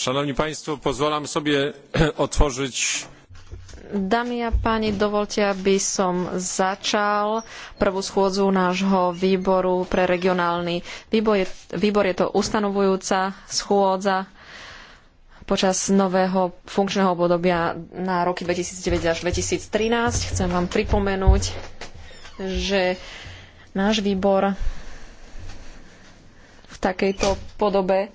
Szanowni Państwo, pozwalam sobie otworzyć Dámy a páni, dovolte, aby som začal prvú schôdzu nášho výboru pre regionálny výbor. Je, výbor je to ustanovujúca schôdza počas nového funkčného obdobia na roky 2009 až 2013. Chcem vám pripomenúť, že náš výbor v takejto podobe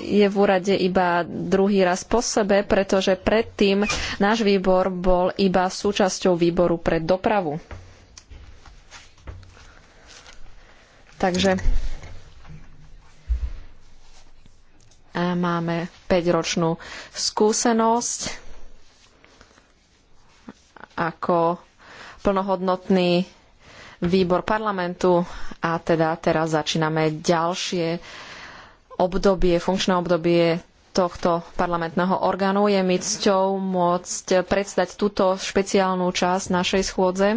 je v úrade iba druhý raz po sebe, pretože predtým náš výbor bol iba súčasťou výboru pre dopravu. Takže máme 5-ročnú skúsenosť ako plnohodnotný výbor parlamentu a teda teraz začíname ďalšie obdobie, funkčné obdobie tohto parlamentného orgánu. Je mi cťou môcť predstať túto špeciálnu časť našej schôdze.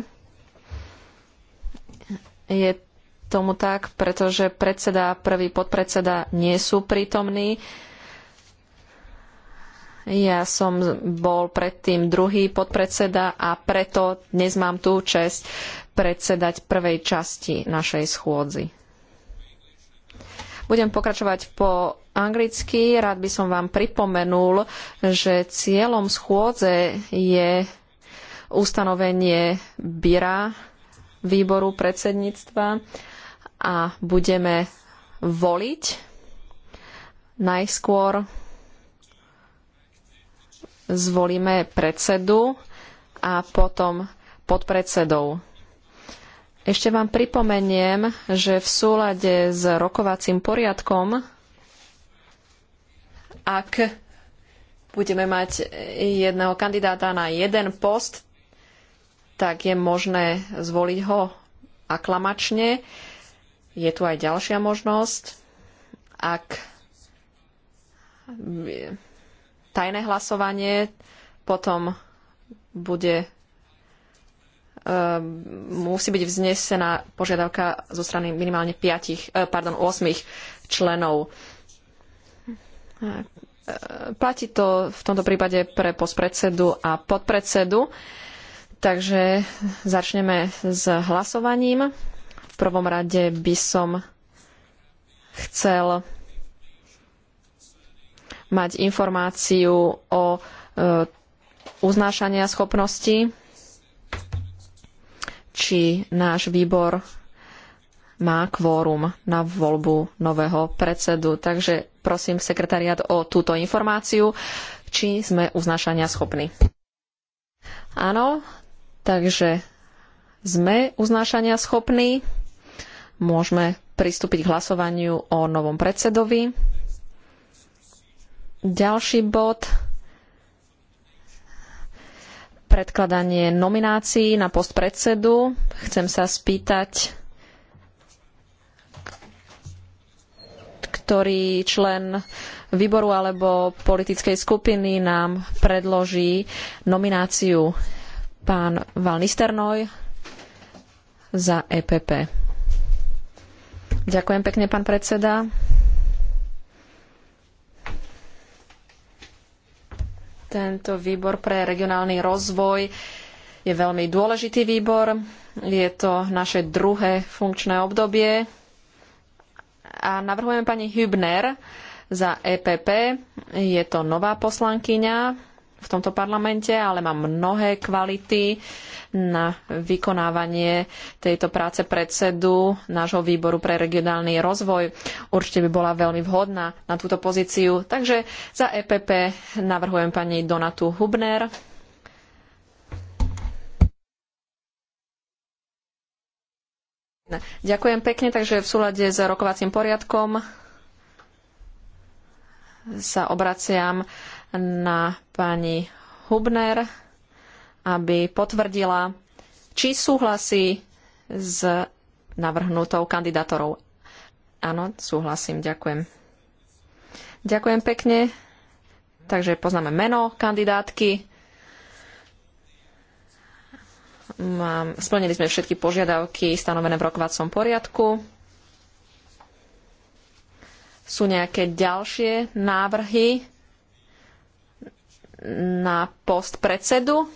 Je tomu tak, pretože predseda, prvý podpredseda nie sú prítomní. Ja som bol predtým druhý podpredseda a preto dnes mám tú čest predsedať prvej časti našej schôdzi. Budem pokračovať po anglicky. Rád by som vám pripomenul, že cieľom schôdze je ustanovenie Byra, výboru predsedníctva a budeme voliť najskôr zvolíme predsedu a potom podpredsedov. Ešte vám pripomeniem, že v súlade s rokovacím poriadkom, ak budeme mať jedného kandidáta na jeden post, tak je možné zvoliť ho aklamačne. Je tu aj ďalšia možnosť. Ak tajné hlasovanie, potom bude e, musí byť vznesená požiadavka zo strany minimálne 5, e, pardon, 8 členov. E, platí to v tomto prípade pre pospredsedu a podpredsedu. Takže začneme s hlasovaním. V prvom rade by som chcel mať informáciu o e, uznášania schopnosti, či náš výbor má kvórum na voľbu nového predsedu. Takže prosím sekretariat o túto informáciu, či sme uznášania schopní. Áno, takže sme uznášania schopní. Môžeme pristúpiť k hlasovaniu o novom predsedovi. Ďalší bod predkladanie nominácií na post predsedu. Chcem sa spýtať, ktorý člen výboru alebo politickej skupiny nám predloží nomináciu pán Val Nisternoj za EPP. Ďakujem pekne, pán predseda. Tento výbor pre regionálny rozvoj je veľmi dôležitý výbor. Je to naše druhé funkčné obdobie. A navrhujeme pani Hübner za EPP. Je to nová poslankyňa v tomto parlamente, ale má mnohé kvality na vykonávanie tejto práce predsedu nášho výboru pre regionálny rozvoj. Určite by bola veľmi vhodná na túto pozíciu. Takže za EPP navrhujem pani Donatu Hubner. Ďakujem pekne, takže v súlade s rokovacím poriadkom sa obraciam na pani Hubner, aby potvrdila, či súhlasí s navrhnutou kandidátorou. Áno, súhlasím, ďakujem. Ďakujem pekne. Takže poznáme meno kandidátky. Mám, splnili sme všetky požiadavky stanovené v rokovacom poriadku. Sú nejaké ďalšie návrhy na post predsedu.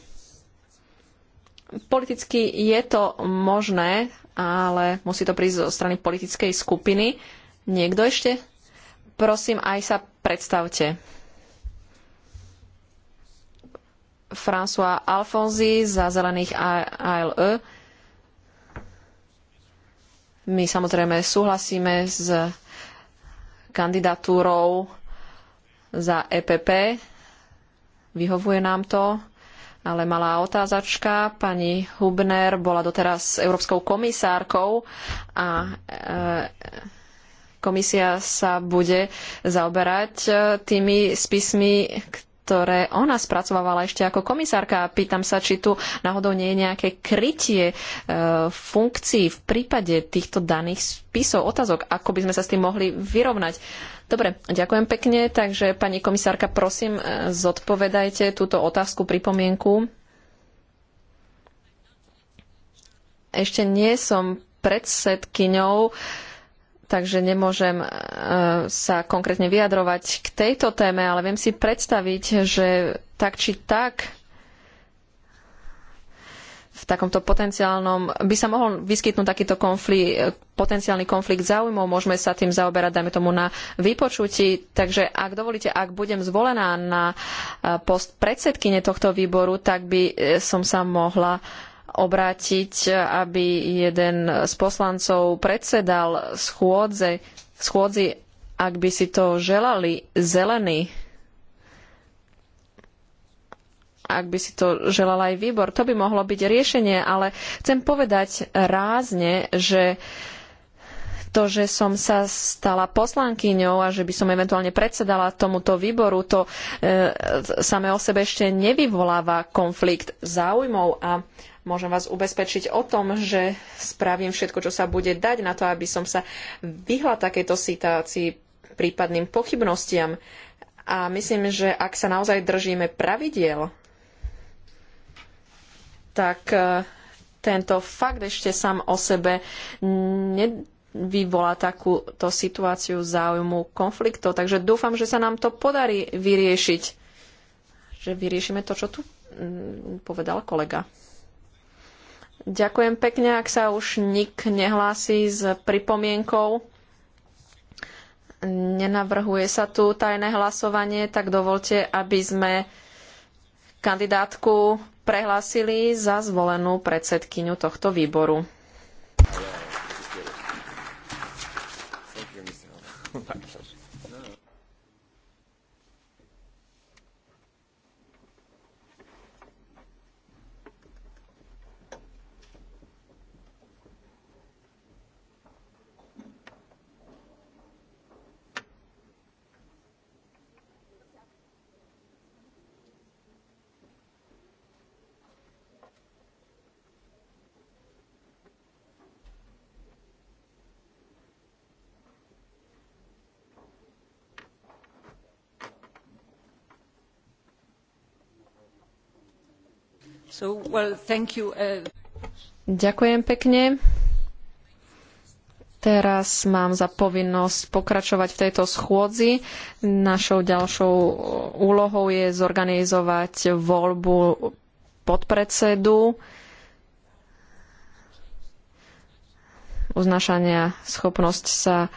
Politicky je to možné, ale musí to prísť zo strany politickej skupiny. Niekto ešte? Prosím, aj sa predstavte. François Alfonzi za zelených ALE. My samozrejme súhlasíme s kandidatúrou za EPP vyhovuje nám to. Ale malá otázačka. Pani Hubner bola doteraz európskou komisárkou a e, komisia sa bude zaoberať e, tými spismi, ktoré ona spracovávala ešte ako komisárka. Pýtam sa, či tu náhodou nie je nejaké krytie e, funkcií v prípade týchto daných spisov, otázok, ako by sme sa s tým mohli vyrovnať. Dobre, ďakujem pekne, takže pani komisárka, prosím, e, zodpovedajte túto otázku, pripomienku. Ešte nie som predsedkyňou takže nemôžem e, sa konkrétne vyjadrovať k tejto téme, ale viem si predstaviť, že tak či tak v takomto potenciálnom, by sa mohol vyskytnúť takýto konflikt, e, potenciálny konflikt záujmov, môžeme sa tým zaoberať, dajme tomu, na vypočutí. Takže ak dovolíte, ak budem zvolená na e, post predsedkyne tohto výboru, tak by som sa mohla obrátiť, aby jeden z poslancov predsedal schôdze, schôdzi, ak by si to želali zelení. Ak by si to želal aj výbor, to by mohlo byť riešenie, ale chcem povedať rázne, že to, že som sa stala poslankyňou a že by som eventuálne predsedala tomuto výboru, to e, samé o sebe ešte nevyvoláva konflikt záujmov a Môžem vás ubezpečiť o tom, že spravím všetko, čo sa bude dať na to, aby som sa vyhla takejto situácii prípadným pochybnostiam. A myslím, že ak sa naozaj držíme pravidiel, tak e, tento fakt ešte sám o sebe nevyvolá takúto situáciu záujmu konfliktov. Takže dúfam, že sa nám to podarí vyriešiť. Že vyriešime to, čo tu mm, povedal kolega. Ďakujem pekne, ak sa už nik nehlási s pripomienkou. Nenavrhuje sa tu tajné hlasovanie, tak dovolte, aby sme kandidátku prehlásili za zvolenú predsedkyňu tohto výboru. Uh, Ďakujem pekne. Teraz mám za povinnosť pokračovať v tejto schôdzi. Našou ďalšou úlohou je zorganizovať voľbu podpredsedu uznašania schopnosť sa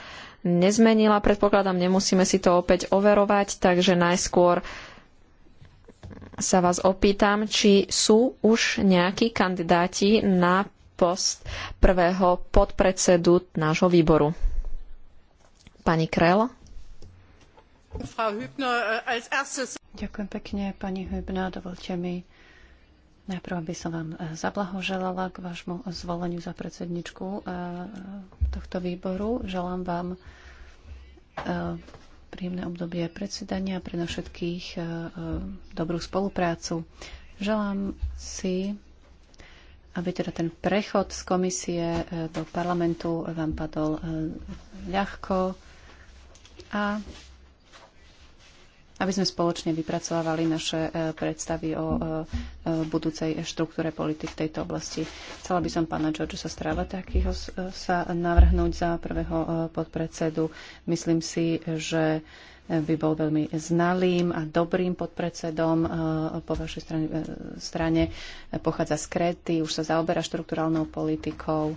nezmenila. Predpokladám, nemusíme si to opäť overovať, takže najskôr sa vás opýtam, či sú už nejakí kandidáti na post prvého podpredsedu nášho výboru. Pani Krell. Äh, Ďakujem pekne, pani Hübner. Dovolte mi Najprv aby som vám äh, zablahoželala k vášmu zvoleniu za predsedničku äh, tohto výboru. Želám vám príjemné obdobie predsedania, pre nás všetkých e, e, dobrú spoluprácu. Želám si, aby teda ten prechod z komisie e, do parlamentu vám padol ľahko a aby sme spoločne vypracovávali naše e, predstavy o e, e, budúcej štruktúre politik v tejto oblasti. Chcela by som pána George sa stráva takého sa navrhnúť za prvého podpredsedu. Myslím si, že by bol veľmi znalým a dobrým podpredsedom po vašej strane, strane. Pochádza z Kréty, už sa zaoberá štruktúralnou politikou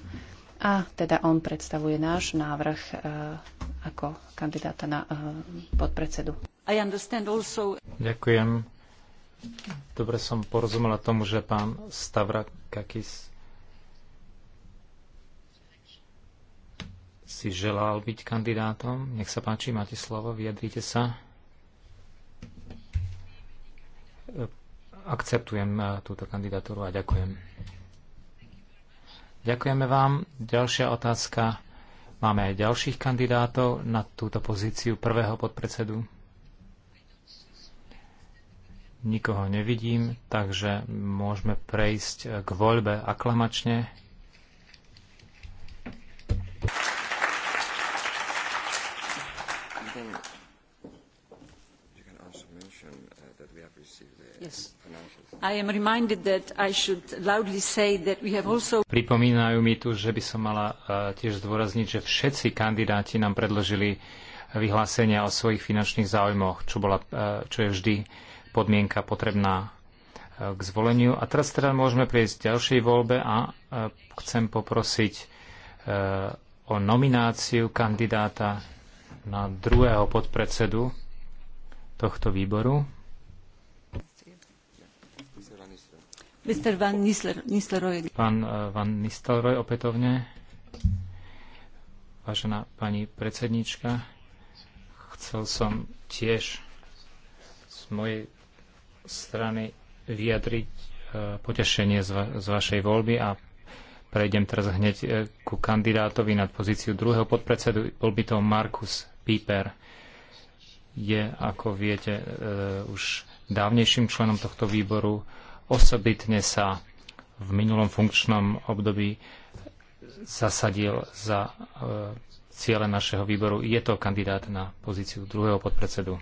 a teda on predstavuje náš návrh ako kandidáta na podpredsedu. Ďakujem. Dobre som porozumela tomu, že pán Stavrakakis si želal byť kandidátom. Nech sa páči, máte slovo, vyjadrite sa. Akceptujem e, túto kandidatúru a ďakujem. Ďakujeme vám. Ďalšia otázka. Máme aj ďalších kandidátov na túto pozíciu prvého podpredsedu. Nikoho nevidím, takže môžeme prejsť k voľbe aklamačne. Pripomínajú mi tu, že by som mala e, tiež zdôrazniť, že všetci kandidáti nám predložili vyhlásenia o svojich finančných záujmoch, čo, bola, e, čo je vždy podmienka potrebná e, k zvoleniu. A teraz teda môžeme prejsť k ďalšej voľbe a e, chcem poprosiť e, o nomináciu kandidáta na druhého podpredsedu tohto výboru. Mr. Van Nistelrooy. Pán Van Nistelrooy opätovne. Vážená pani predsednička, chcel som tiež z mojej strany vyjadriť e, potešenie z, vašej voľby a prejdem teraz hneď e, ku kandidátovi na pozíciu druhého podpredsedu. Bol by to Markus Piper. Je, ako viete, e, už dávnejším členom tohto výboru. Osobitne sa v minulom funkčnom období zasadil za ciele našeho výboru. Je to kandidát na pozíciu druhého podpredsedu.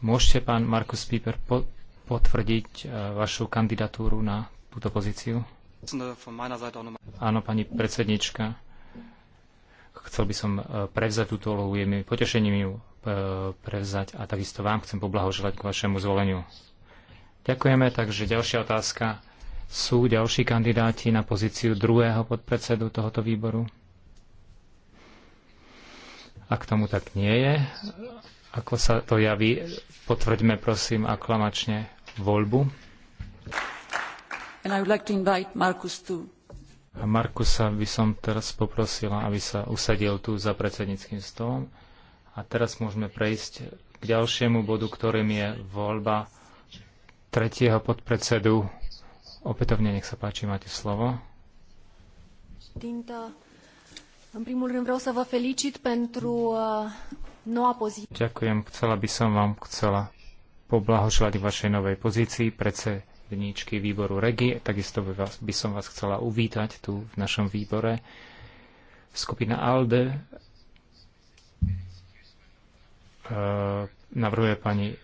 Môžete, pán Markus Pieper, po- potvrdiť e, vašu kandidatúru na túto pozíciu? Áno, pani predsednička. Chcel by som e, prevzať túto úlohu, je mi potešením ju e, prevzať a takisto vám chcem poblahoželať k vašemu zvoleniu. Ďakujeme, takže ďalšia otázka. Sú ďalší kandidáti na pozíciu druhého podpredsedu tohoto výboru? Ak tomu tak nie je, ako sa to javí, potvrďme prosím aklamačne voľbu. And I would like to invite Marcus to... A Markusa by som teraz poprosila, aby sa usadil tu za predsedníckým stolom. A teraz môžeme prejsť k ďalšiemu bodu, ktorým je voľba tretieho podpredsedu. Opätovne nech sa páči, máte slovo. Tinta. În primul rând vreau să vă felicit pentru uh, No Ďakujem, chcela by som vám chcela poblahoželať vašej novej pozícii vníčky výboru REGI. Takisto by, vás, by som vás chcela uvítať tu v našom výbore. Skupina ALDE e, navrhuje pani e,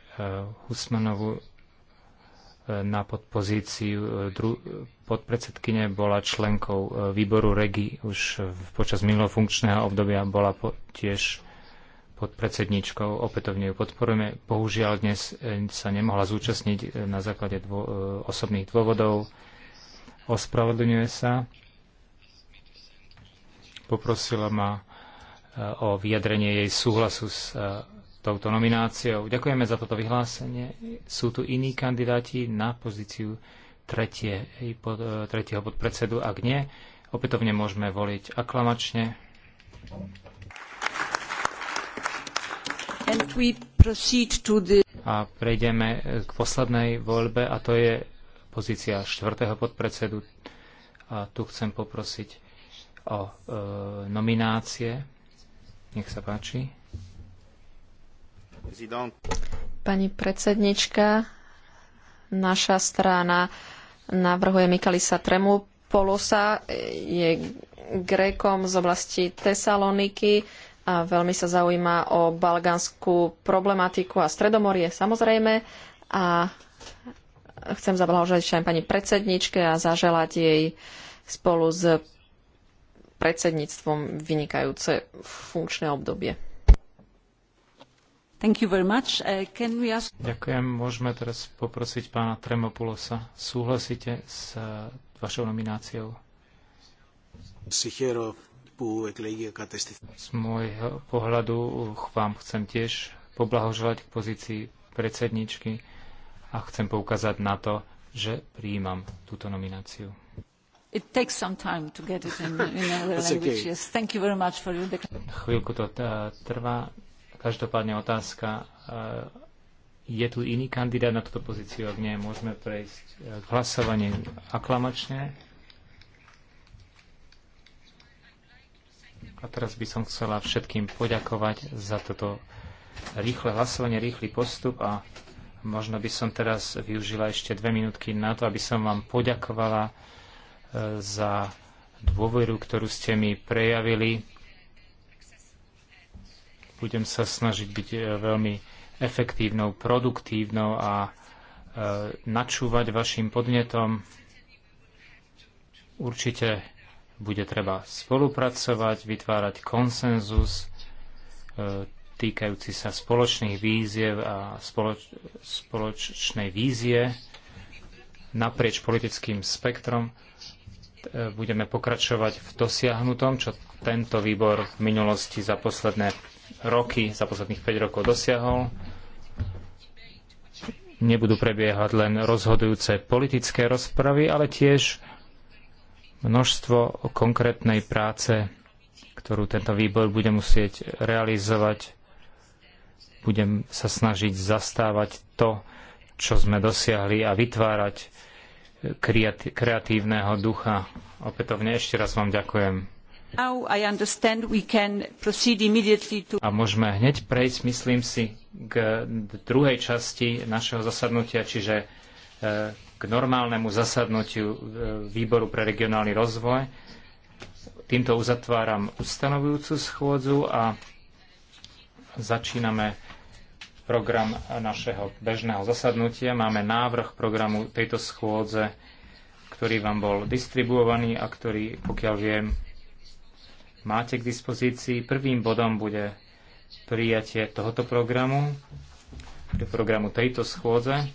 Husmanovu e, na podpozíciu dru- podpredsedkyne bola členkou výboru REGI už počas minulofunkčného obdobia bola po- tiež podpredsedničkou, opätovne ju podporujeme. Bohužiaľ dnes eh, sa nemohla zúčastniť eh, na základe dvo- eh, osobných dôvodov. Ospravedlňuje sa. Poprosila ma o vyjadrenie jej súhlasu s touto nomináciou. Ďakujeme za toto vyhlásenie. Sú tu iní kandidáti na pozíciu tretie, tretieho podpredsedu? Ak nie, opätovne môžeme voliť aklamačne. A prejdeme k poslednej voľbe a to je pozícia štvrtého podpredsedu. A tu chcem poprosiť o e, nominácie. Nech sa páči. Pani predsednička, naša strana navrhuje Mikalisa Tremu Polosa, je Grékom z oblasti Tesaloniky, a veľmi sa zaujíma o balgánsku problematiku a stredomorie samozrejme a chcem zablahožať aj pani predsedničke a zaželať jej spolu s predsedníctvom vynikajúce funkčné obdobie. Uh, ask... Ďakujem. Môžeme teraz poprosiť pána Tremopulosa. Súhlasíte s uh, vašou nomináciou? Z môjho pohľadu vám chcem tiež poblahoželať k pozícii predsedničky a chcem poukázať na to, že prijímam túto nomináciu. Chvíľku to eh, trvá. Každopádne otázka. Eh, je tu iný kandidát na túto pozíciu? Ak nie, môžeme prejsť eh, k hlasovaniu aklamačne. A teraz by som chcela všetkým poďakovať za toto rýchle hlasovanie, rýchly postup a možno by som teraz využila ešte dve minútky na to, aby som vám poďakovala e, za dôveru, ktorú ste mi prejavili. Budem sa snažiť byť e, veľmi efektívnou, produktívnou a e, načúvať vašim podnetom. Určite bude treba spolupracovať, vytvárať konsenzus e, týkajúci sa spoločných víziev a spoloč- spoločnej vízie naprieč politickým spektrom. E, budeme pokračovať v dosiahnutom, čo tento výbor v minulosti za posledné roky, za posledných 5 rokov dosiahol. Nebudú prebiehať len rozhodujúce politické rozpravy, ale tiež množstvo konkrétnej práce, ktorú tento výbor bude musieť realizovať. Budem sa snažiť zastávať to, čo sme dosiahli a vytvárať eh, kreatívneho ducha. Opätovne ešte raz vám ďakujem. A môžeme hneď prejsť, myslím si, k druhej časti našeho zasadnutia, čiže eh, k normálnemu zasadnutiu e, Výboru pre regionálny rozvoj. Týmto uzatváram ustanovujúcu schôdzu a začíname program našeho bežného zasadnutia. Máme návrh programu tejto schôdze, ktorý vám bol distribuovaný a ktorý, pokiaľ viem, máte k dispozícii. Prvým bodom bude prijatie tohoto programu, programu tejto schôdze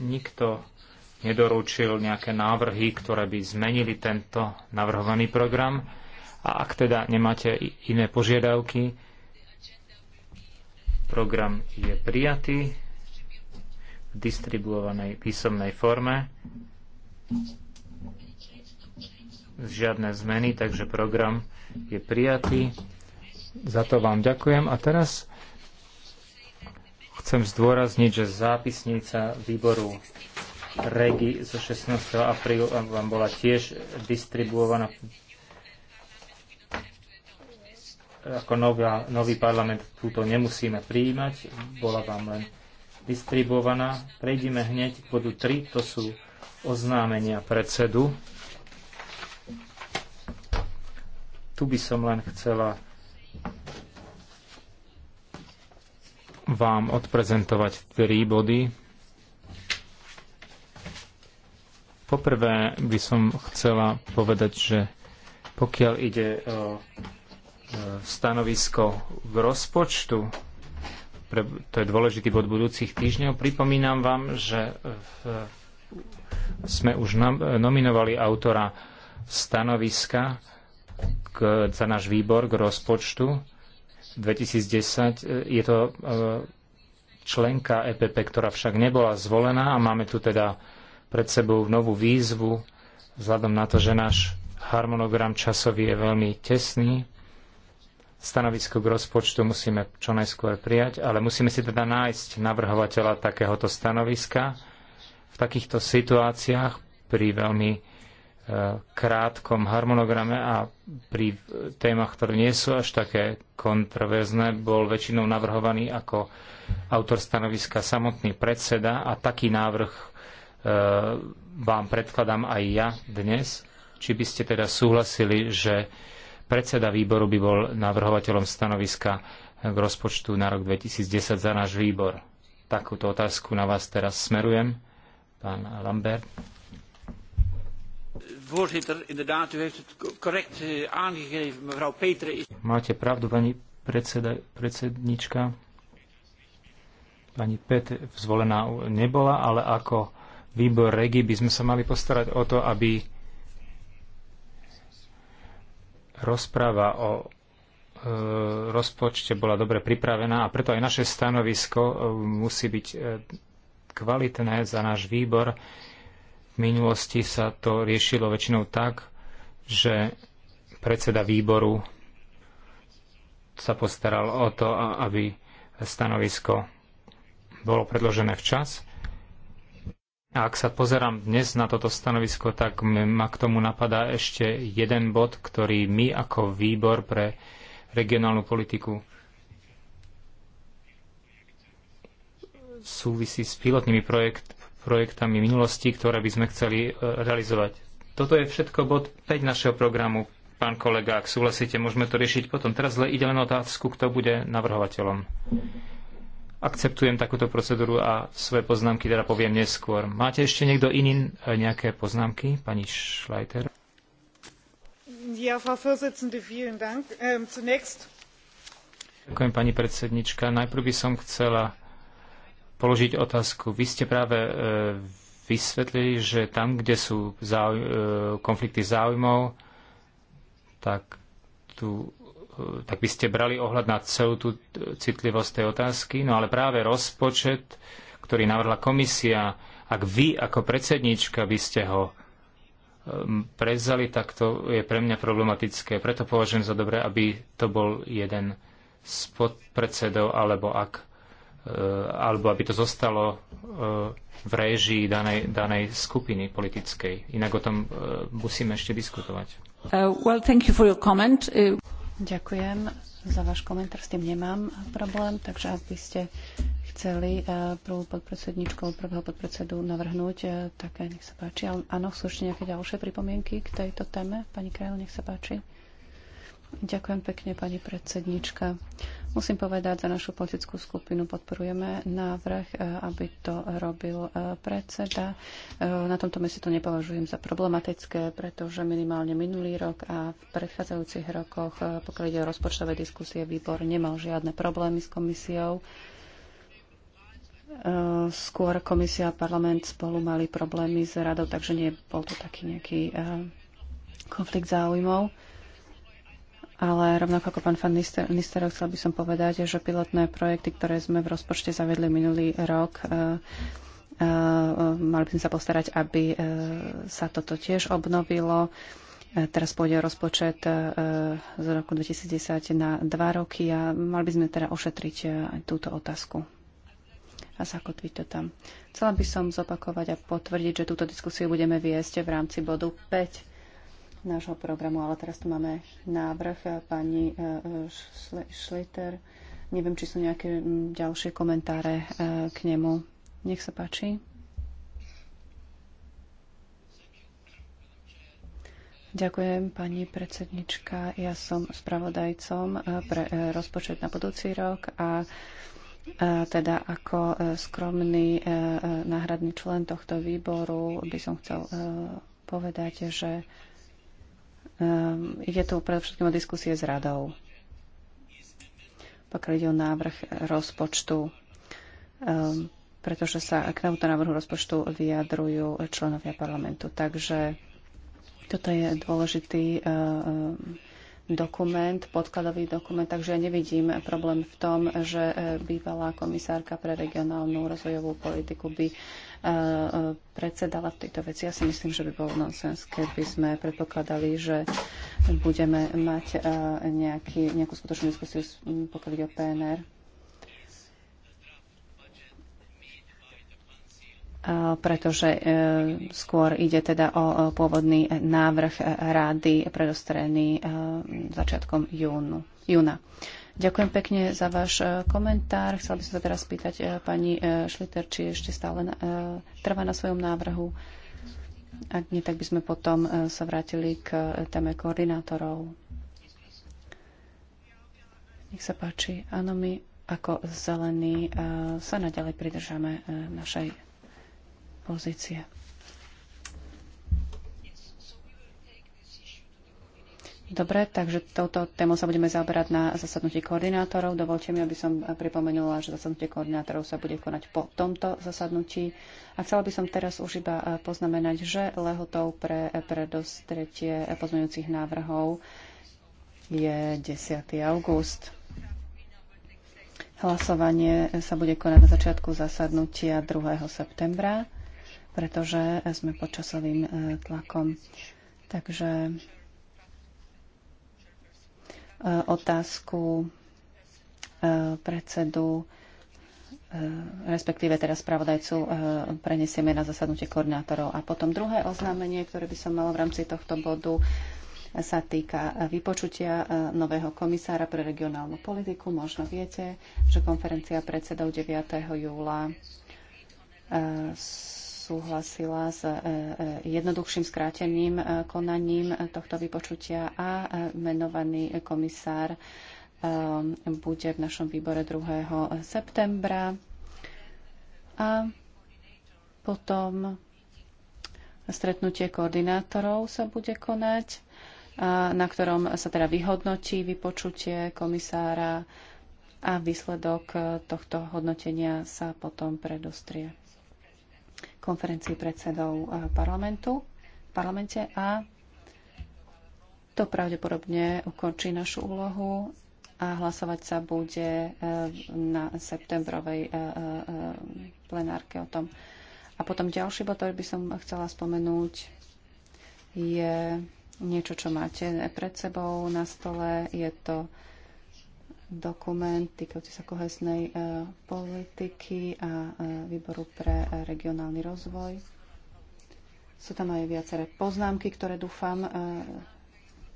nikto nedoručil nejaké návrhy, ktoré by zmenili tento navrhovaný program. A ak teda nemáte iné požiadavky, program je prijatý v distribuovanej písomnej forme. Žiadne zmeny, takže program je prijatý. Za to vám ďakujem. A teraz chcem zdôrazniť, že zápisnica výboru REGI zo 16. apríla vám bola tiež distribuovaná ako nová, nový parlament túto nemusíme prijímať, bola vám len distribuovaná. Prejdime hneď k bodu 3, to sú oznámenia predsedu. Tu by som len chcela vám odprezentovať tri body. Poprvé by som chcela povedať, že pokiaľ ide o stanovisko v rozpočtu, pre, to je dôležitý bod budúcich týždňov, pripomínam vám, že sme už nominovali autora stanoviska za náš výbor k rozpočtu 2010. E, je to e, členka EPP, ktorá však nebola zvolená a máme tu teda pred sebou novú výzvu, vzhľadom na to, že náš harmonogram časový je veľmi tesný. Stanovisko k rozpočtu musíme čo najskôr prijať, ale musíme si teda nájsť navrhovateľa takéhoto stanoviska. V takýchto situáciách pri veľmi krátkom harmonograme a pri témach, ktoré nie sú až také kontroverzné, bol väčšinou navrhovaný ako autor stanoviska samotný predseda a taký návrh e, vám predkladám aj ja dnes. Či by ste teda súhlasili, že predseda výboru by bol navrhovateľom stanoviska k rozpočtu na rok 2010 za náš výbor? Takúto otázku na vás teraz smerujem, pán Lambert voorzitter, inderdaad, u heeft het correct eh, aangegeven. Mevrouw Petre is... Máte pravdu, pani predseda, predsednička. Pani Pet zvolená nebola, ale ako výbor REGI by sme sa mali postarať o to, aby rozpráva o e, rozpočte bola dobre pripravená a preto aj naše stanovisko e, musí byť e, kvalitné za náš výbor. E, v minulosti sa to riešilo väčšinou tak, že predseda výboru sa postaral o to, aby stanovisko bolo predložené včas. A ak sa pozerám dnes na toto stanovisko, tak ma k tomu napadá ešte jeden bod, ktorý my ako výbor pre regionálnu politiku súvisí s pilotnými projekt, projektami minulosti, ktoré by sme chceli e, realizovať. Toto je všetko bod 5 našeho programu. Pán kolega, ak súhlasíte, môžeme to riešiť potom. Teraz ide len otázku, kto bude navrhovateľom. Akceptujem takúto procedúru a svoje poznámky teda poviem neskôr. Máte ešte niekto iný e, nejaké poznámky? Pani Schleiter? Ja, Frau Vorsitzende, vielen Dank. Ähm, zunächst... Ďakujem, pani predsednička. Najprv by som chcela položiť otázku. Vy ste práve e, vysvetlili, že tam, kde sú záuj- e, konflikty záujmov, tak, tu, e, tak by ste brali ohľad na celú tú citlivosť tej otázky. No ale práve rozpočet, ktorý navrhla komisia, ak vy ako predsedníčka by ste ho prezali, tak to je pre mňa problematické. Preto považujem za dobré, aby to bol jeden z podpredsedov, alebo ak Eh, alebo aby to zostalo eh, v réžii danej, danej skupiny politickej. Inak o tom eh, musíme ešte diskutovať. Uh, well, thank you for your comment. Ďakujem za váš komentár, s tým nemám problém, takže ak by ste chceli prvú podpredsedničku, prvého podpredsedu navrhnúť, tak nech sa páči. Áno, sú ešte nejaké ďalšie pripomienky k tejto téme? Pani Krajl, nech sa páči. Ďakujem pekne, pani predsednička. Musím povedať, za našu politickú skupinu podporujeme návrh, e, aby to robil e, predseda. E, na tomto mesi to nepovažujem za problematické, pretože minimálne minulý rok a v predchádzajúcich rokoch, pokiaľ ide o rozpočtové diskusie, výbor nemal žiadne problémy s komisiou. Skôr komisia a parlament spolu mali problémy s radou, takže nie bol to taký nejaký konflikt záujmov. Ale rovnako ako pán Fan chcel by som povedať, že pilotné projekty, ktoré sme v rozpočte zavedli minulý rok, e, e, mali by sme sa postarať, aby e, sa toto tiež obnovilo. Teraz pôjde rozpočet z roku 2010 na dva roky a mali by sme teda ošetriť aj túto otázku a zakotviť to tam. Chcela by som zopakovať a potvrdiť, že túto diskusiu budeme viesť v rámci bodu 5 nášho programu, ale teraz tu máme návrh pani e, e, Schleiter. Neviem, či sú nejaké ďalšie komentáre e, k nemu. Nech sa páči. Ďakujem, pani predsednička. Ja som spravodajcom pre rozpočet na budúci rok a teda ako skromný náhradný člen tohto výboru by som chcel povedať, že Ehm, ide tu predovšetkým o diskusie s radou. Pokiaľ ide o návrh rozpočtu, ehm, pretože sa k tomuto návrhu rozpočtu vyjadrujú členovia parlamentu. Takže toto je dôležitý ehm, dokument, podkladový dokument, takže ja nevidím problém v tom, že e, bývalá komisárka pre regionálnu rozvojovú politiku by predsedala v tejto veci. Ja si myslím, že by bol nonsens, keby sme predpokladali, že budeme mať eh, nejaký, nejakú skutočnú diskusiu, pokiaľ ide o PNR. Eh, pretože eh, skôr ide teda o pôvodný návrh rády predostrený začiatkom júnu, júna. Ďakujem pekne za váš e, komentár. Chcela by som sa teraz spýtať e, pani Šliter, e, či ešte stále trvá na svojom návrhu. Ak nie, tak by sme potom sa vrátili k téme koordinátorov. Nech sa páči. Áno, my ako zelení sa naďalej pridržame našej pozície. Dobre, takže touto tému sa budeme zaoberať na zasadnutí koordinátorov. Dovolte mi, aby som pripomenula, že zasadnutie koordinátorov sa bude konať po tomto zasadnutí. A chcela by som teraz už iba eh, poznamenať, že lehotou pre eh, predostretie eh, pozmeňujúcich návrhov je 10. august. Hlasovanie sa bude konať na začiatku zasadnutia 2. septembra, pretože sme pod časovým tlakom. Takže Eh, otázku eh, predsedu eh, respektíve teraz spravodajcu prenesieme na zasadnutie koordinátorov. A potom druhé oznámenie, ktoré by som mala v rámci tohto bodu, sa týka vypočutia nového komisára pre regionálnu politiku. Možno viete, že konferencia predsedov 9. júla súhlasila s e, e, jednoduchším skráteným e, konaním tohto vypočutia a menovaný komisár bude v našom výbore 2. septembra. A potom stretnutie koordinátorov sa bude konať, na ktorom sa teda vyhodnotí vypočutie komisára a výsledok tohto hodnotenia sa potom predostrie konferencii predsedov eh, parlamentu v parlamente a to pravdepodobne ukončí našu úlohu a hlasovať sa bude eh, na septembrovej eh, plenárke o tom. A potom ďalší bod, ktorý by som chcela spomenúť, je niečo, čo máte pred sebou na stole. Je to dokument týkajúci sa kohesnej e, politiky a e, výboru pre regionálny rozvoj. Sú tam aj viaceré poznámky, ktoré dúfam e,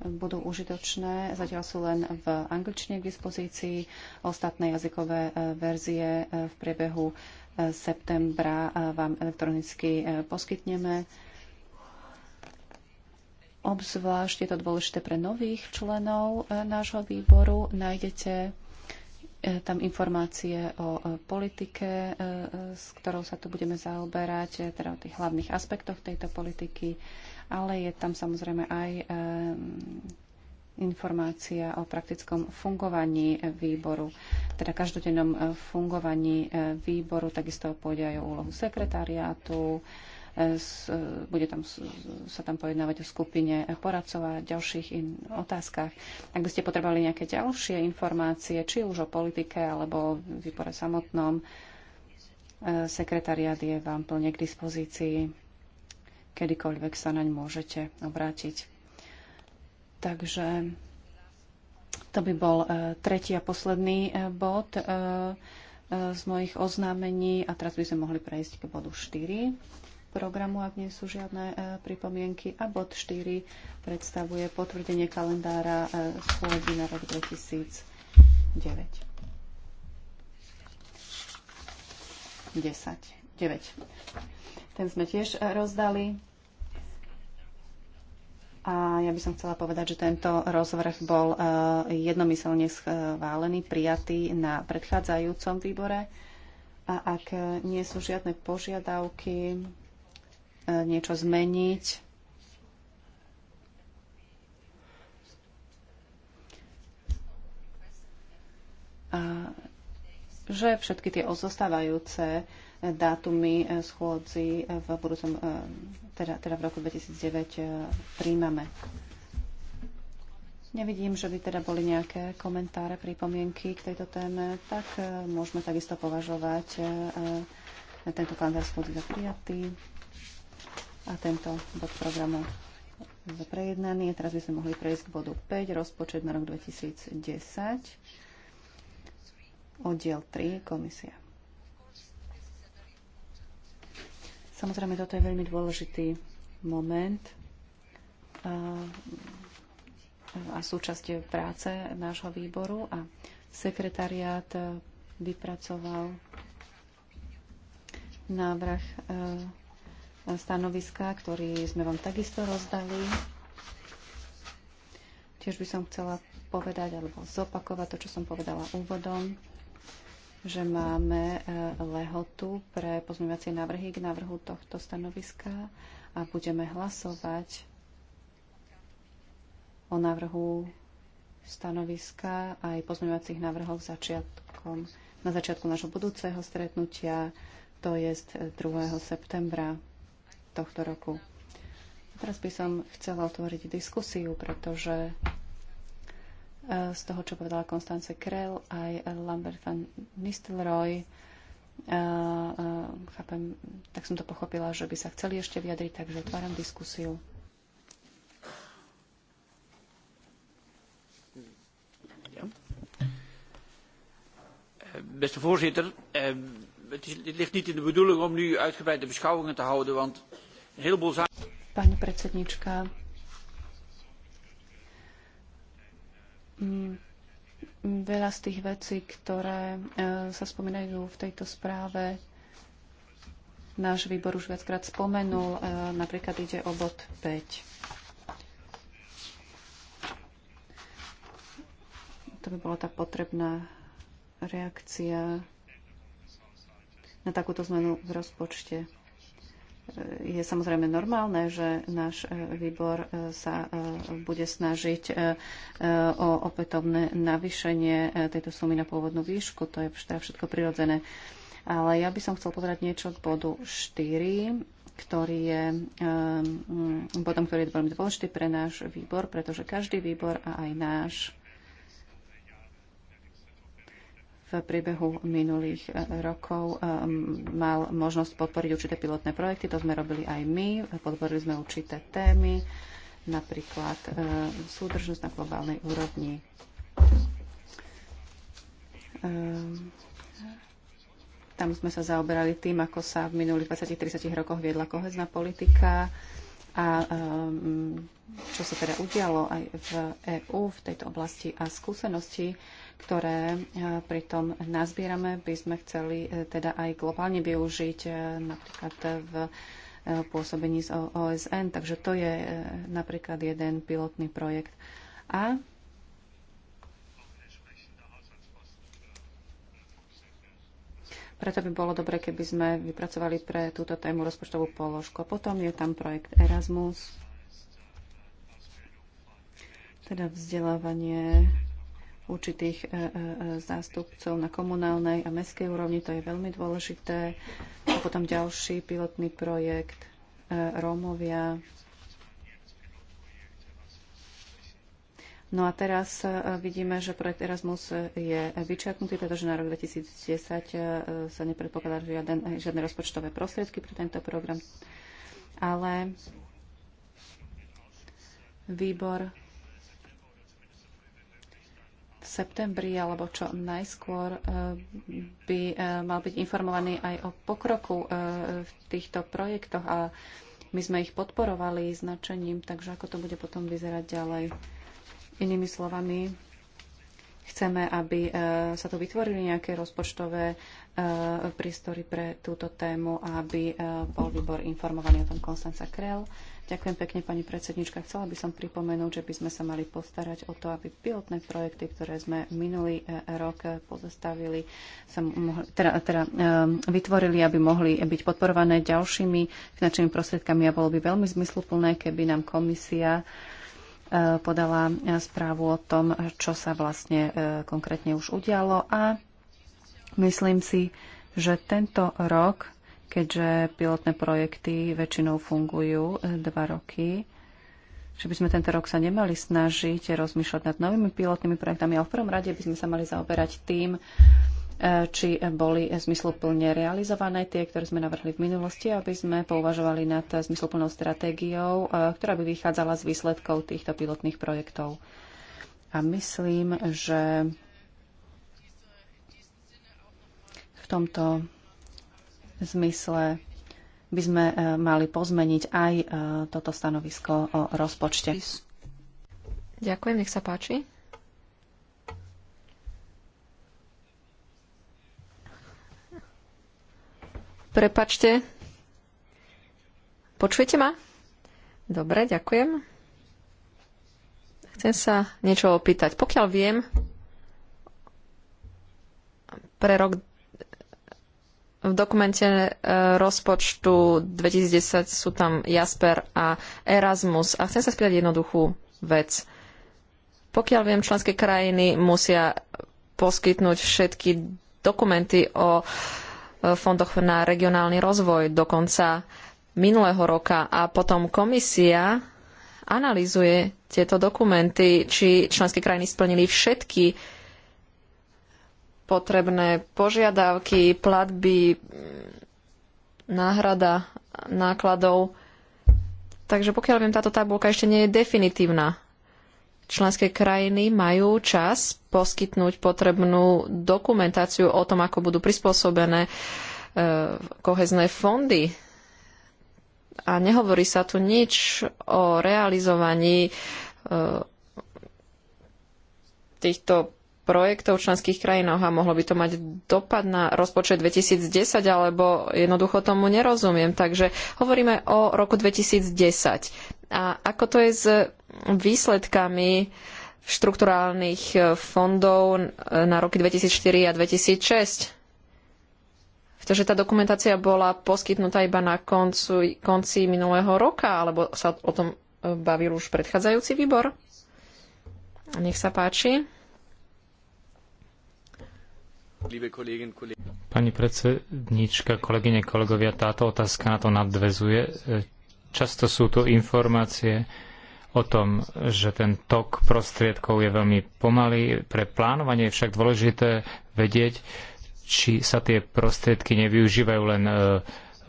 budú užitočné. Zatiaľ sú len v angličtine k dispozícii. Ostatné jazykové verzie v priebehu septembra vám elektronicky poskytneme. Obzvlášť je to dôležité pre nových členov e, nášho výboru. Nájdete e, tam informácie o e, politike, s ktorou sa tu budeme zaoberať, teda o tých hlavných aspektoch tejto politiky, ale je tam samozrejme aj informácia o praktickom fungovaní výboru, teda každodennom fungovaní výboru, takisto pôjde aj o úlohu sekretariátu, bude tam, sa tam pojednávať o skupine poradcov a ďalších in otázkach. Ak by ste potrebovali nejaké ďalšie informácie, či už o politike alebo o výpore samotnom, e, sekretariat je vám plne k dispozícii, kedykoľvek sa naň môžete obrátiť. Takže to by bol e, tretí a posledný e, bod z mojich oznámení a teraz by sme mohli prejsť k bodu 4 programu, ak nie sú žiadne e, pripomienky. A bod 4 predstavuje potvrdenie kalendára e, schôdzi na rok 2009. 10. 9. Ten sme tiež e, rozdali. A ja by som chcela povedať, že tento rozvrh bol jednomyselne schválený, prijatý na predchádzajúcom výbore. A ak nie sú žiadne požiadavky, E, niečo zmeniť. A že všetky tie ozostávajúce dátumy e, schôdzi e, v budúcom, teda, teda v roku 2009 príjmame. Nevidím, že by teda boli nejaké komentáre, pripomienky k tejto téme, tak môžeme takisto považovať tento kalendár schôdzi za prijatý a tento bod programu je prejednaný. A teraz by sme mohli prejsť k bodu 5, rozpočet na rok 2010, oddiel 3, komisia. Samozrejme, toto je veľmi dôležitý moment a, a súčasť práce nášho výboru a sekretariát e, vypracoval návrh e, stanoviska, ktorý sme vám takisto rozdali. Tiež by som chcela povedať alebo zopakovať to, čo som povedala úvodom, že máme e, lehotu pre pozmeňovacie návrhy k návrhu tohto stanoviska a budeme hlasovať o návrhu stanoviska aj pozmeňovacích návrhov začiatkom, na začiatku nášho budúceho stretnutia, to je 2. E, septembra tohto roku. A teraz by som chcela otvoriť diskusiu, pretože e, z toho, čo povedala Konstance Krell, aj Lambert van Nistelrooy, e, e, chápem, tak som to pochopila, že by sa chceli ešte vyjadriť, takže otváram diskusiu. Beste voorzitter, ehm, het ligt niet in de bedoeling om nu uitgebreide beschouwingen te houden, want een heleboel zaken... Pani predsednička, mm, veľa z tých vecí, ktoré e, sa spomínajú v tejto správe, náš výbor už viackrát spomenul, e, napríklad ide o bod 5. To by bola tá potrebná reakcia na takúto zmenu v rozpočte. E, je samozrejme normálne, že náš e, výbor e, sa bude snažiť o opätovné navýšenie tejto sumy na pôvodnú výšku. To je teda všetko prirodzené. Ale ja by som chcel povedať niečo k bodu 4, ktorý je bodom, ktorý je veľmi dôležitý pre náš výbor, pretože každý výbor a aj náš v priebehu minulých e, rokov e, mal možnosť podporiť určité pilotné projekty. To sme robili aj my. Podporili sme určité témy, napríklad e, súdržnosť na globálnej úrovni. Tam sme sa zaoberali tým, ako sa v minulých 20-30 rokoch viedla kohezná politika a čo sa teda udialo aj v EÚ v tejto oblasti a skúsenosti ktoré e, pritom nazbierame, by sme chceli e, teda aj globálne využiť e, napríklad v pôsobení z OSN. Takže to je napríklad jeden pilotný projekt. A Preto by bolo dobre, keby sme vypracovali pre túto tému rozpočtovú položku. Potom je tam projekt Erasmus, teda vzdelávanie určitých e, e, zástupcov na komunálnej a mestskej úrovni. To je veľmi dôležité. A potom ďalší pilotný projekt e, Rómovia. No a teraz vidíme, že projekt Erasmus je vyčerpnutý, pretože na rok 2010 sa nepredpokladá žiadne rozpočtové prostriedky pre tento program. Ale výbor septembri alebo čo najskôr eh, by eh, mal byť informovaný aj o pokroku eh, v týchto projektoch a my sme ich podporovali značením, takže ako to bude potom vyzerať ďalej. Inými slovami, Chceme, aby e, sa tu vytvorili nejaké rozpočtové e, priestory pre túto tému a aby e, bol výbor informovaný o tom Konstanca Krell. Ďakujem pekne, pani predsednička. Chcela by som pripomenúť, že by sme sa mali postarať o to, aby pilotné projekty, ktoré sme minulý rok pozastavili, sa mohli, teda, teda, vytvorili, aby mohli byť podporované ďalšími finančnými prostriedkami a bolo by veľmi zmysluplné, keby nám komisia uh, E, podala e, správu o tom, čo sa vlastne e, konkrétne už udialo a myslím si, že tento rok, keďže pilotné projekty väčšinou fungujú dva roky, že by sme tento rok sa nemali snažiť rozmýšľať nad novými pilotnými projektami, ale v prvom rade by sme sa mali zaoberať tým, či boli zmysluplne realizované tie, ktoré sme navrhli v minulosti, aby sme pouvažovali nad zmysluplnou stratégiou, e, ktorá by vychádzala z výsledkov týchto pilotných projektov. A myslím, že v tomto zmysle by sme e, mali pozmeniť aj e, toto stanovisko o rozpočte. Ďakujem, nech sa páči. Prepačte. Počujete ma? Dobre, ďakujem. Chcem sa niečo opýtať. Pokiaľ viem, pre rok v dokumente e, rozpočtu 2010 sú tam Jasper a Erasmus. A chcem sa spýtať jednoduchú vec. Pokiaľ viem, členské krajiny musia poskytnúť všetky dokumenty o uh, fondoch na regionálny rozvoj do konca minulého roka a potom komisia analýzuje tieto dokumenty, či členské krajiny splnili všetky potrebné požiadavky, platby, náhrada nákladov. Takže pokiaľ viem, táto tabulka ešte nie je definitívna členské krajiny majú čas poskytnúť potrebnú dokumentáciu o tom, ako budú prispôsobené e, kohezné fondy. A nehovorí sa tu nič o realizovaní e, týchto projektov členských krajinách a mohlo by to mať dopad na rozpočet 2010, alebo jednoducho tomu nerozumiem. Takže hovoríme o roku 2010. A ako to je s výsledkami štrukturálnych e, fondov e, na roky 2004 a 2006? Pretože tá dokumentácia bola poskytnutá iba na koncu, konci minulého roka, alebo sa o tom e, bavil už predchádzajúci výbor? Nech sa páči. Pani predsednička, kolegyne, kolegovia, táto otázka na to nadvezuje. Často sú tu informácie o tom, že ten tok prostriedkov je veľmi pomalý. Pre plánovanie je však dôležité vedieť, či sa tie prostriedky nevyužívajú len e,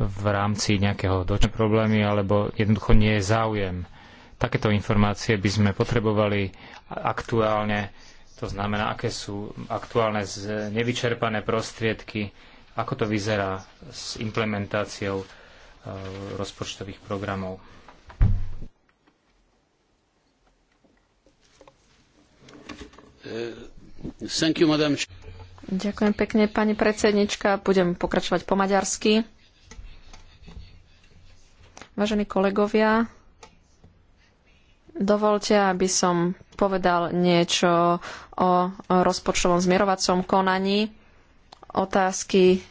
v rámci nejakého dočasného problémy, alebo jednoducho nie je záujem. Takéto informácie by sme potrebovali aktuálne to znamená, aké sú aktuálne nevyčerpané prostriedky, ako to vyzerá s implementáciou e, rozpočtových programov. E, you, Ďakujem pekne, pani predsednička. Budem pokračovať po maďarsky. Vážení kolegovia, dovolte, aby som povedal niečo o rozpočtovom zmierovacom konaní. Otázky,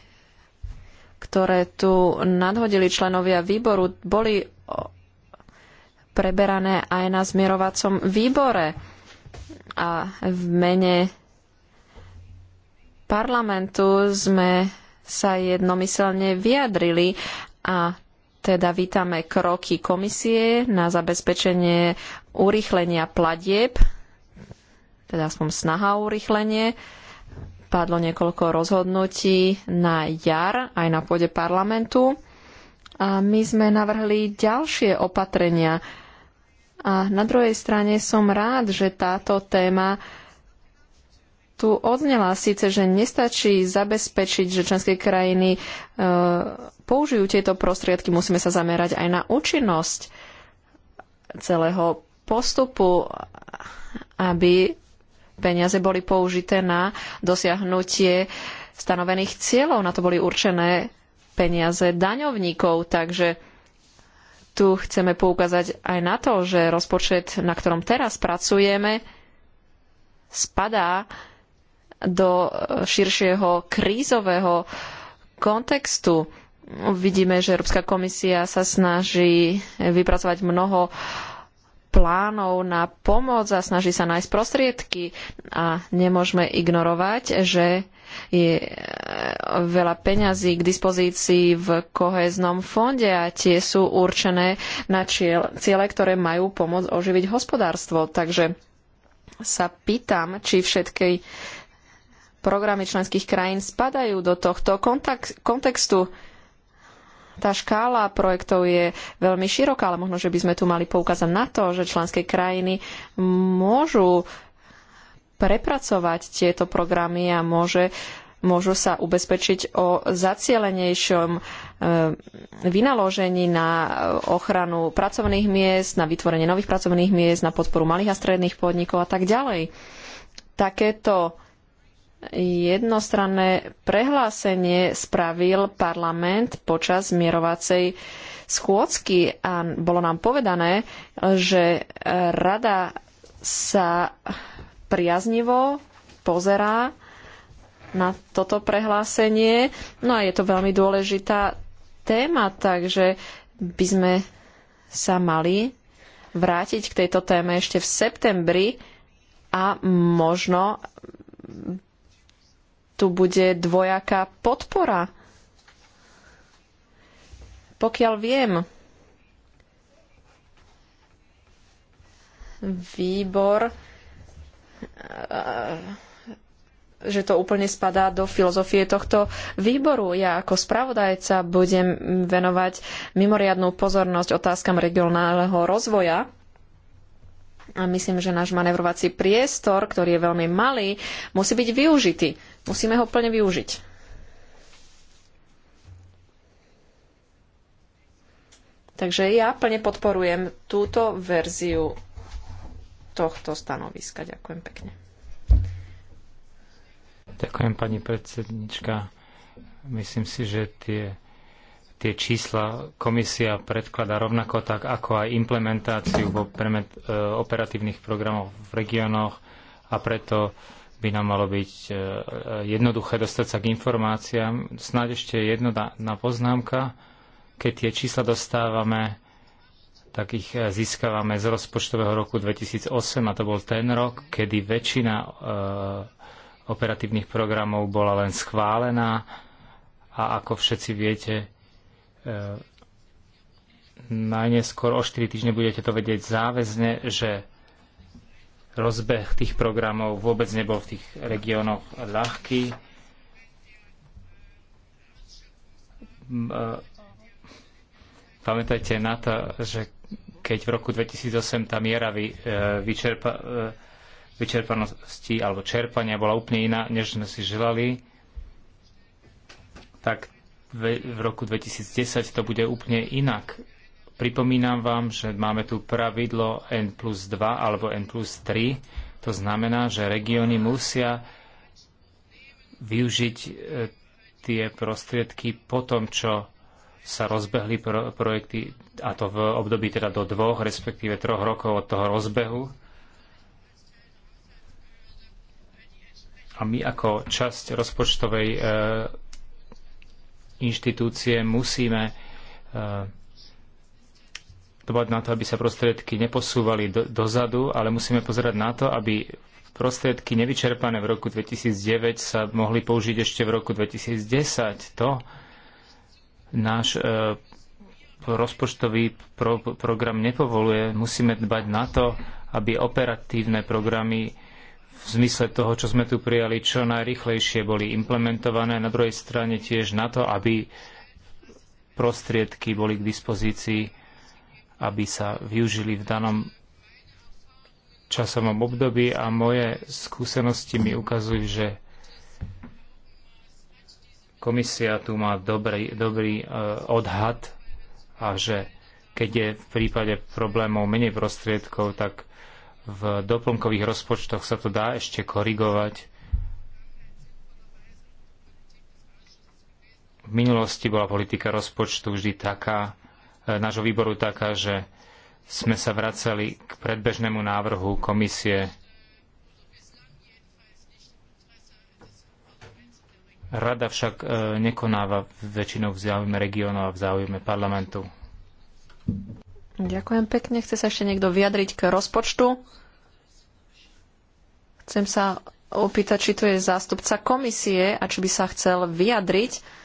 ktoré tu nadhodili členovia výboru, boli preberané aj na zmierovacom výbore. A v mene parlamentu sme sa jednomyselne vyjadrili a teda vítame kroky komisie na zabezpečenie urýchlenia platieb, teda aspoň snaha o urýchlenie. Padlo niekoľko rozhodnutí na jar aj na pôde parlamentu. A my sme navrhli ďalšie opatrenia. A na druhej strane som rád, že táto téma tu odznela síce, že nestačí zabezpečiť, že členské krajiny e, použijú tieto prostriedky, musíme sa zamerať aj na účinnosť celého postupu, aby peniaze boli použité na dosiahnutie stanovených cieľov. Na to boli určené peniaze daňovníkov, takže tu chceme poukázať aj na to, že rozpočet, na ktorom teraz pracujeme, spadá do širšieho krízového kontextu. Vidíme, že Európska komisia sa snaží vypracovať mnoho uh, plánov na pomoc a snaží sa nájsť prostriedky a nemôžeme ignorovať, že je e, veľa peňazí k dispozícii v kohéznom fonde a tie sú určené na ciele, ktoré majú pomôcť oživiť hospodárstvo. Takže sa pýtam, či všetky programy členských krajín spadajú do tohto kontextu tá škála projektov je veľmi široká, ale možno, že by sme tu mali poukázať na to, že členské krajiny môžu prepracovať tieto programy a môže, môžu sa ubezpečiť o zacielenejšom eh, vynaložení na ochranu pracovných miest, na vytvorenie nových pracovných miest, na podporu malých a stredných podnikov a tak ďalej. Takéto jednostranné prehlásenie spravil parlament počas mierovacej schôdzky a bolo nám povedané, že e, rada sa priaznivo pozerá na toto prehlásenie. No a je to veľmi dôležitá téma, takže by sme sa mali vrátiť k tejto téme ešte v septembri a možno tu bude dvojaká podpora. Pokiaľ viem, výbor, eh, že to úplne spadá do filozofie tohto výboru. Ja ako spravodajca budem venovať mimoriadnú pozornosť otázkam regionálneho rozvoja. A myslím, že náš manevrovací priestor, ktorý je veľmi malý, musí byť využitý. Musíme ho plne využiť. Takže ja plne podporujem túto verziu tohto stanoviska. Ďakujem pekne. Ďakujem, pani predsednička. Myslím si, že tie, tie čísla komisia predklada rovnako tak, ako aj implementáciu v e, operatívnych programoch v regiónoch a preto by nám malo byť e, e, jednoduché dostať sa k informáciám. Snáď ešte jedna poznámka. Keď tie čísla dostávame, tak ich e, získavame z rozpočtového roku 2008 a to bol ten rok, kedy väčšina operatívnych programov bola len schválená a ako všetci viete, najneskôr o 4 týždne budete to vedieť záväzne, že Rozbeh tých programov vôbec nebol v tých regiónoch ľahký. E, pamätajte na to, že keď v roku 2008 tá miera vy, e, vyčerpa, e, vyčerpanosti alebo čerpania bola úplne iná, než sme si želali, tak v roku 2010 to bude úplne inak. Pripomínam vám, že máme tu pravidlo N plus 2 alebo N plus 3. To znamená, že regióny musia využiť e, tie prostriedky po tom, čo sa rozbehli pro- projekty, a to v období teda do dvoch, respektíve troch rokov od toho rozbehu. A my ako časť rozpočtovej e, inštitúcie musíme e, dbať na to, aby sa prostriedky neposúvali do, dozadu, ale musíme pozerať na to, aby prostriedky nevyčerpané v roku 2009 sa mohli použiť ešte v roku 2010. To náš e, rozpočtový pro, program nepovoluje. Musíme dbať na to, aby operatívne programy v zmysle toho, čo sme tu prijali, čo najrychlejšie boli implementované. Na druhej strane tiež na to, aby prostriedky boli k dispozícii aby sa využili v danom časovom období a moje skúsenosti mi ukazujú, že komisia tu má dobrý, dobrý e, odhad a že keď je v prípade problémov menej prostriedkov, tak v doplnkových rozpočtoch sa to dá ešte korigovať. V minulosti bola politika rozpočtu vždy taká, E, nášho výboru taká, že sme sa vracali k predbežnému návrhu komisie. Rada však e, nekonáva väčšinou v záujme regionov a v záujme parlamentu. Ďakujem pekne. Chce sa ešte niekto vyjadriť k rozpočtu? Chcem sa opýtať, či tu je zástupca komisie a či by sa chcel vyjadriť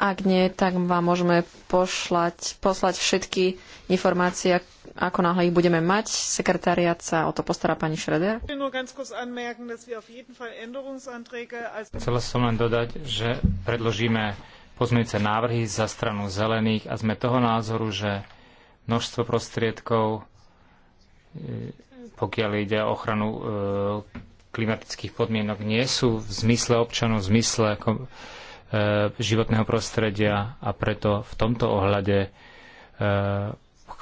ak nie, tak vám môžeme pošlať, poslať všetky informácie, ako náhle ich budeme mať. Sekretariat sa o to postará pani Šreder. Chcela som len dodať, že predložíme pozmeňujúce návrhy za stranu zelených a sme toho názoru, že množstvo prostriedkov, e, pokiaľ ide o ochranu e, klimatických podmienok, nie sú v zmysle občanov, v zmysle E, životného prostredia a preto v tomto ohľade e,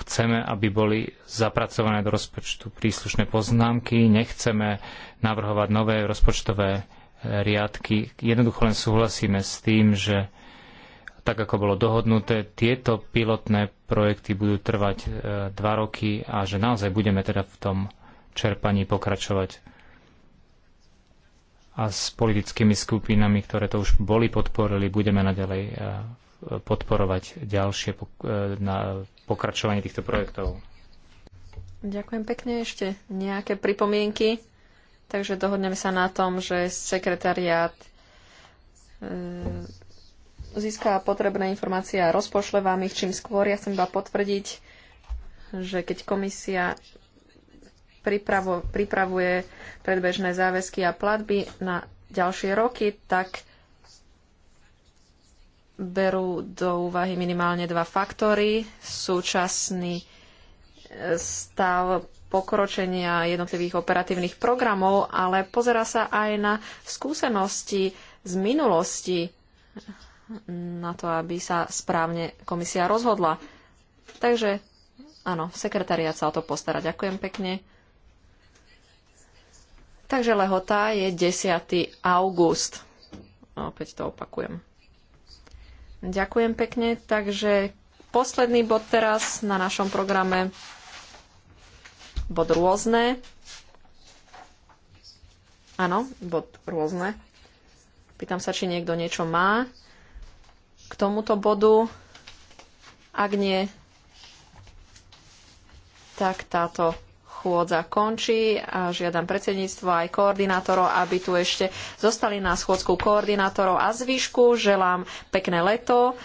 chceme, aby boli zapracované do rozpočtu príslušné poznámky, nechceme navrhovať nové rozpočtové e, riadky. Jednoducho len súhlasíme s tým, že tak ako bolo dohodnuté, tieto pilotné projekty budú trvať dva roky a že naozaj budeme teda v tom čerpaní pokračovať a s politickými skupinami, ktoré to už boli podporili, budeme naďalej e, podporovať ďalšie e, na pokračovanie týchto projektov. Ďakujem pekne. Ešte nejaké pripomienky? Takže dohodneme sa na tom, že sekretariát e, získa potrebné informácie a rozpošle vám ich čím skôr. Ja chcem iba potvrdiť, že keď komisia pripravo, pripravuje predbežné záväzky a platby na ďalšie roky, tak berú do úvahy minimálne dva faktory. Súčasný e, stav pokročenia jednotlivých operatívnych programov, ale pozera sa aj na skúsenosti z minulosti na to, aby sa správne komisia rozhodla. Takže áno, sekretariat sa o to postará. Ďakujem pekne. Takže lehota je 10. august. A no, opäť to opakujem. Ďakujem pekne. Takže posledný bod teraz na našom programe. Bod rôzne. Áno, bod rôzne. Pýtam sa, či niekto niečo má k tomuto bodu. Ak nie, tak táto Chôdza končí a žiadam predsedníctvo aj koordinátorov, aby tu ešte zostali na schôdzku koordinátorov a zvyšku. Želám pekné leto.